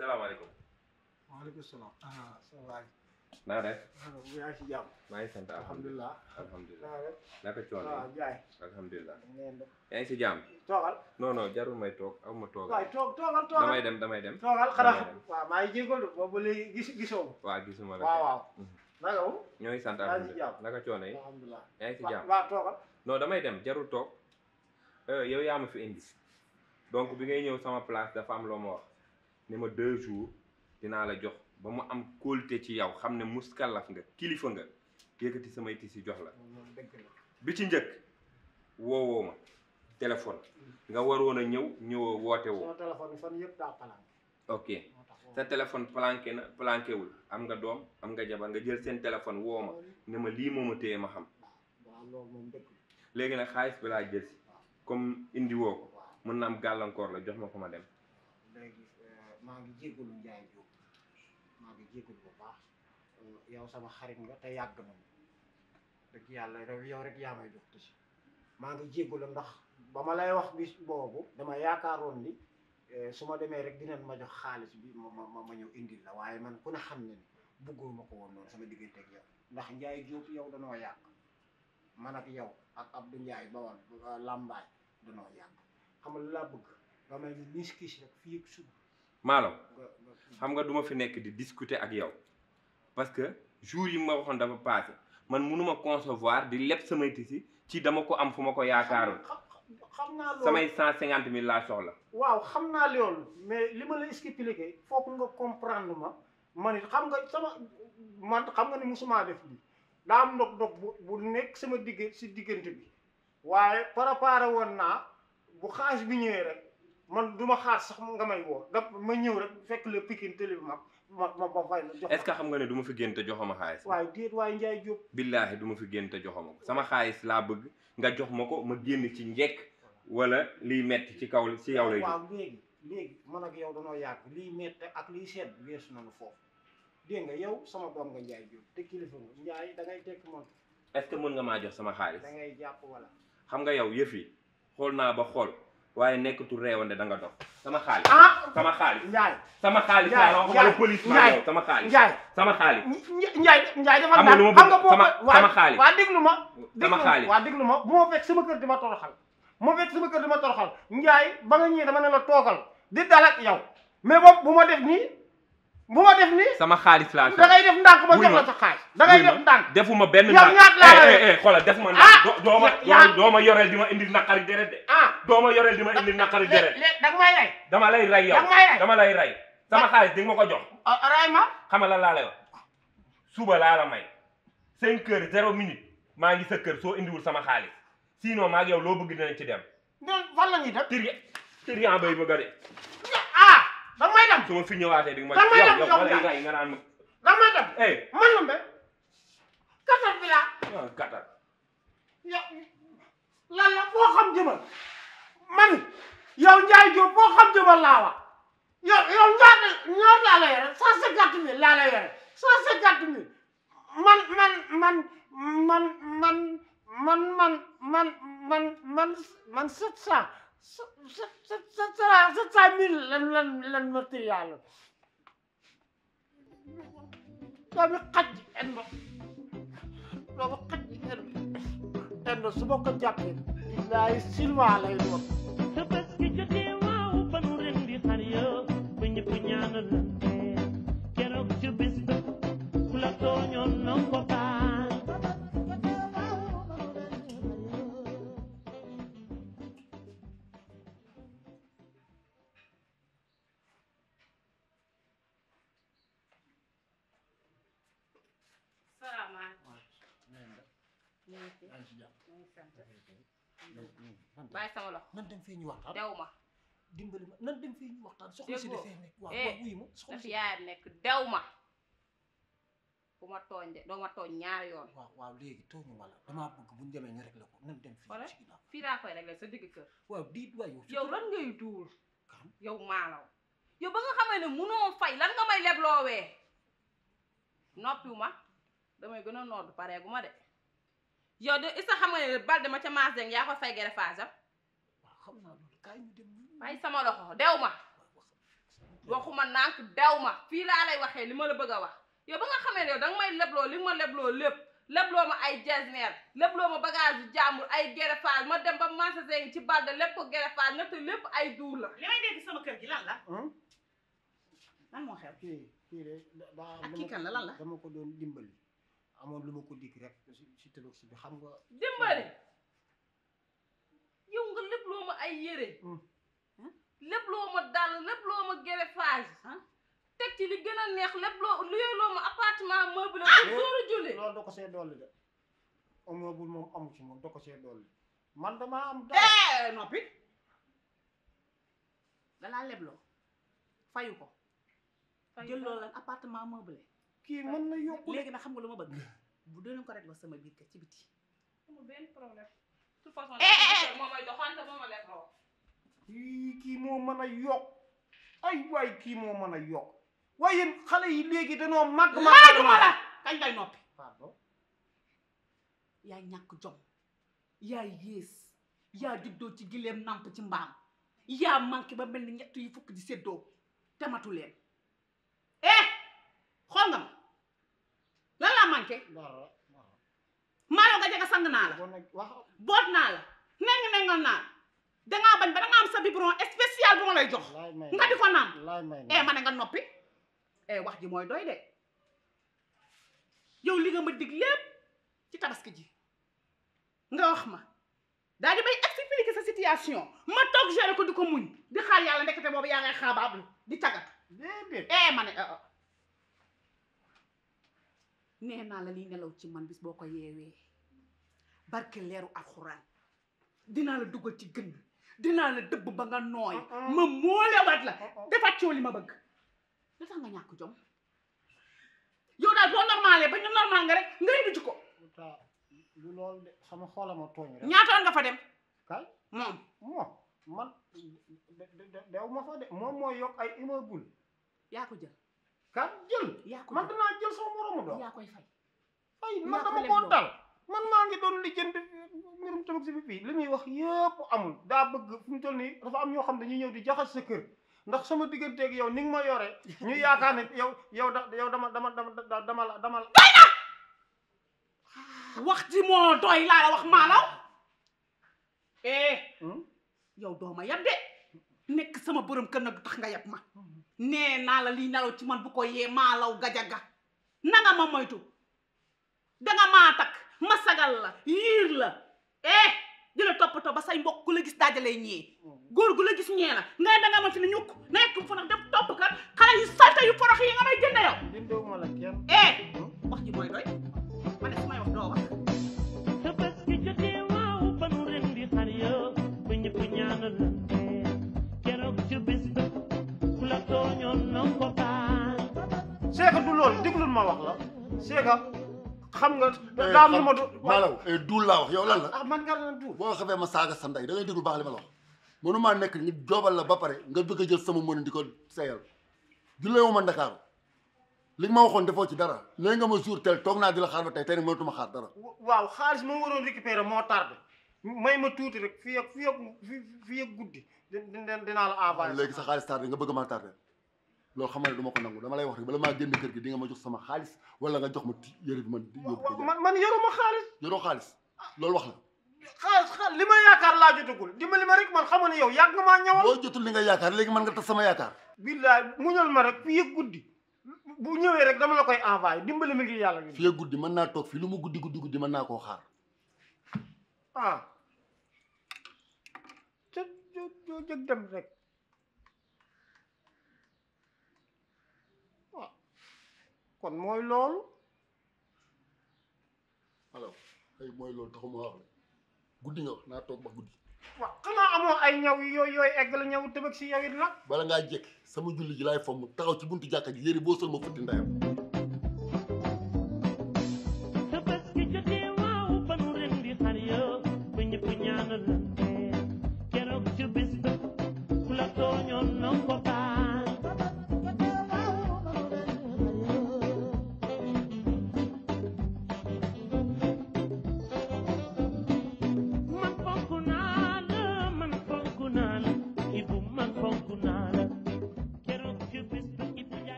salaamaaleykum. waaleykum salaam. ah ça va. naa ah, alhamdulilah. alhamdulilah naka ah, alhamdulilah. yaa ngi jarul may toog aw ma toogal. damay dem damay dem. toogal xanaa waaw maa ngi jégalu boobu gis gisoo gisuma la. waaw waaw. Mm-hmm. ñoo sant alhamdulilah damay dem jarul toog eh, yow yaa fi indi donc bi ngay ñëw sama place dafa am loo ma ne ma deux jours dinaa la jox ba mu am kóolute ci yow xam ne muskalaf nga kilifa nga yëkkati samay tisi jox la oh, bi ci njëkk woowoo ma téléphone mm. nga waroon a ñëw ñëwoo woote woo ok sa téléphone planqué na planqué wul am nga doom am nga jabar nga jël seen téléphone woo ma mm. ne ma lii moom ma téye ma xam léegi nag xaalis bi laa jël si comme indiwoo ko mën na am gàllankoor la jox ma ko ma dem maa ngi jégalu Ndiaye Diop maa ngi jégalu bu baax euh, yow sama xarit nga te yàgg nañu dëgg yàlla rek yow rek yaa may jox te maa ngi jégalu ndax ba ma lay wax bis boobu dama yaakaaroon ni euh, su ma demee rek dinañ ma jox xaalis bi ma ma ma ñëw indil la waaye man ku ne xam ne ni bëggoo ma ko woon noonu sama diggante ak ndax Ndiaye Diop yow danoo yàgg man ak yow ak Abdou Ndiaye Bawal euh, Lambaay danoo yàgg xam nga laa bëgg nga may ñu niis kiis rek fii ak suba. maanaam xam nga duma fi nekk di discuter ak yow parce que jour yi ma waxoon dafa passé man mënuma concevoir di leb samay tisi ci dama ko am fu ma ko yaakaaroon xam naa samay cent cinquante mille laa soxla waaw xam naa loolu mais li ma la expliqué foog nga comprendre ma man it xam nga sama man xam nga ni musuma def lii daa am ndog ndog bu bu nekk sama digg si diggante bi waaye préparé woon naa bu xaalis bi ñëwee rek man du ma xaar sax nga may woo da ma ñëw rek fekk la pikin télé bi ma ma ma ma fay la jox xam nga ne du ma fi génn te joxoma xaalis waaye déet waaye Ndiaye Diop billaahi du fi génn te joxoma ko sama xaalis laa bëgg nga jox ma ko ma génn ci njekk wala liy metti ci kaw ci yow lay waaw léegi man ak yow danoo yàgg liy metti ak liy seet weesu nañu foofu dégg nga yow sama doom nga Ndiaye te kilifa nga Ndiaye da ngay que mën nga maa jox sama xaalis da ngay jàpp xam nga yow yëf yi xool naa ba xool waaye nekkatul réewande da nga dox sama xaalis. ah sama xaalis. Ndiaye sama xaalis. Ndiaye police ma sama xaalis. Ndiaye sama xaalis. Ndiaye Ndiaye dafa naan xam nga boo sama sama xaalis waa déglu ma. sama xaalis waa déglu ma bu ma fekk sama kër di ma toroxal. bu ma fekk sama kër di ma toroxal Ndiaye ba nga ñëwee dama ne la toogal di dal ak yow mais boobu bu ma def nii. bu ma def nii sama xaalis laa da ngay def ndànk ma jox la sa xaalis da ngay benn ndànk yow ñaata laa ma ndànk doo ma doo ma yoreel di ma indil naqari deret de ah! doo ma yoreel di ma indi naqari deret danga may rey dama lay rey dama lay rey sama xaalis di nga ma ko jox ah, ah, rey ma xama la laa lay suba laa la may cinq heures zéro minute maa ngi sa kër soo indiwul sama xaalis sinon maa ngi yow loo bëgg dinañ ci dem fan la bay ah, ma gade ah danga may dem di nga man la mbe gatal bi laa waaw gatal yow man yow Ndiaye Diop boo xam jëbal laa wax yow yow ñaata ñaata laa la yore cent cinquante mille laa la yore cent man man man man man man man man man man man sept cent sept sept sept cent sept cent mille lan lan lan matériel doomi endo doomi xaj endo endo su ma ko jàppee laay silma lay doon salaamaaleykum. ñu ngi sant. bàyyi sama loxo nan dem fee ñu waxtaan dew ma dimbali ma nan dem fee ñu waxtaan soxna si dafee nekk waaw eh, waaw wuyu ma soxna si yaayam nekk dew ma bu ma tooñ de doo ma tooñ ñaari yoon waaw waaw léegi tooñu ma la damaa bëgg buñu demee ñu réglé ko nan dem fii laa koy réglé sa digg kër waaw diit waay yow lan ngay duul yow maalaw yow ba nga xamee ne munoo fay lan nga may lebloowee noppiwu ma damay gën a nodd pareegu ma de yow de isa xam nga ne bal dama ca maas yaa ko fay gere faasam waaw xam naa loolu kaay ñu dem bàyyi sama loxo dew ma waxuma nànk dew ma fii laa lay waxee li ma la bëgg a wax yow ba nga xamee ne yow danga may lebloo li ma lebloo lépp lebloo ma ay jasneer lebloo ma bagage yu jàmbur ay gere ma dem ba maas deng ci bal de lépp ko gere faas nga ay duur la li may dégg sama kër gi lan la hmm? lan moo xew ah, amoon lu ma ko dig rek si tëlu si bi xam nga. dimbali yow nga lépp loo ma ay yére. Hmm. lépp loo ma dàll lépp loo ma greffage. teg ci li gën a neex lépp loo luyoo loo ma appartement meublé. ah loolu loolu da ko see dolli de. amu ci moom ko see dolli. man dama am dara eh, noppi. dalaa lebloo fayu ko. fayu jël loolu appartement meublé. kii mën na yokk léegi na xam nga lu ma bëgg bu doon ko réglé sama biir kër ci biti. amul benn problème. de toute façon eh, eh, eh. moom mooy doxante kii moo mën a yokk ay waay kii moo mën a yokk waaye yéen xale yi léegi danoo màgg. laajuma la kañ lay noppi. pardon. yaa ñàkk jom yaa yées yaa doo ci gileem namp ci mbaam yaa manqué ba mel ni ñett yi fukk di séddoo tamatu leen. manqué malo nga jega sang naa la boot naa la neng nengal naa la dangaa bañ ba nga am sa biberon spécial bu ma lay jox nga diko nam eh mané nga nopi eh wax ji moy doy de yow li nga ma dig lépp ci tabaski ji nga wax ma dal di may expliquer sa situation ma tok gérer ko di muñ di xal yalla ndekete bobu ya ngay xaabaablu di tagat eh mané nee naa la liy nelaw ci man bis boo ko yeewee barke leeru alxuraan dinaa la dugal ci gën dinaa la dëbb ba nga nooy ah, ah. ma moolewaat la ah, defaat coow li ma bëgg dafa nga ko lu sama xoolama tooñ rek ñaatoon fa dem kay moom moom man moom moo yokk ay immeuble yaa ko jël kan jël man dinaa jël sama moromu doom yaa koy fay fay man dama koo dal man maa ngi doon lijjanti mbirum tamit si bi fii wax yëpp amul daa bëgg fu mu toll dafa am ñoo xam dañuy ñëw di jaxas sa kër ndax sama digganteeg yow ni nga ma yore ñu yaakaar yow yow yow dama dama dama dama la dama na wax ji moo doy laa la wax maanaam eh yow dooma yab de nekk sama borom kër nag tax nga yab ma ne naa la lii nalaw ci man bu ko ye gajaga nanga ma moytu danga matak takk ma sagal la yir la eh di la top ba say mbok ku la gis dajale ñi gor gu la gis ñe la nga danga ma fi ñuk nek fu nak nag def kat xala yu salta yu forox yi nga may jënd yow. eh wax ji moy doy. taxul ma wax la c'est que xam nga. Eh, daam lu ma du maanaam eh, duul laa wax yow lan la. ah, ah man nga lan duul. boo xamee ma saaga sa ndey da ngay déglu baax li ma la wax mënumaa nekk ñu joobal la ba pare nga bëgg jël sama mën di ko seeyal julleewu ma Ndakaaru li nga ma waxoon defoo ci dara nee nga ma jour tel toog naa di la xaar ba tey tey nag mënatuma xaar dara. waaw xaalis ma waroon récupérer moo tardé may ma tuuti rek fii ak fii ak fii ak guddi dinaa la envoyé. léegi sa xaalis tardé nga bëgg maa tardé. loolu xamal duma ko nangu dama lay wax rek bala ma jënd kër gi di nga ma jox sama xaaliss wala nga jox ma yëre bi man yóbbu ko man man yoruma xaalis yoroo xaalis loolu wax la xaalis xaal lima yaakar la laa dima lima rek man xamone yow yag nga ma ñëwal bo jottul li nga yaakar legi man nga ta sama yaakar billahi muñul ma rek fi yeguddi bu ñëwé rek dama la koy envoyer dimbali mi ngi yalla bi fii guddi mën naa toog fii lu mu guddi guddi guddi man na ko xaar ah te jo jo jëg dem rek kon mooy loolu alors ay mooy loolu taxuma wax guddi nga wax naa toog ba guddi waaw xanaa amoo ay ñaw yooyu yooy egg la ñaw tëbëg si yow it nag bala ngaa jekk sama julli ji laay fomm taxaw ci buntu jàkka ji yëri boo sol ma futti ndayam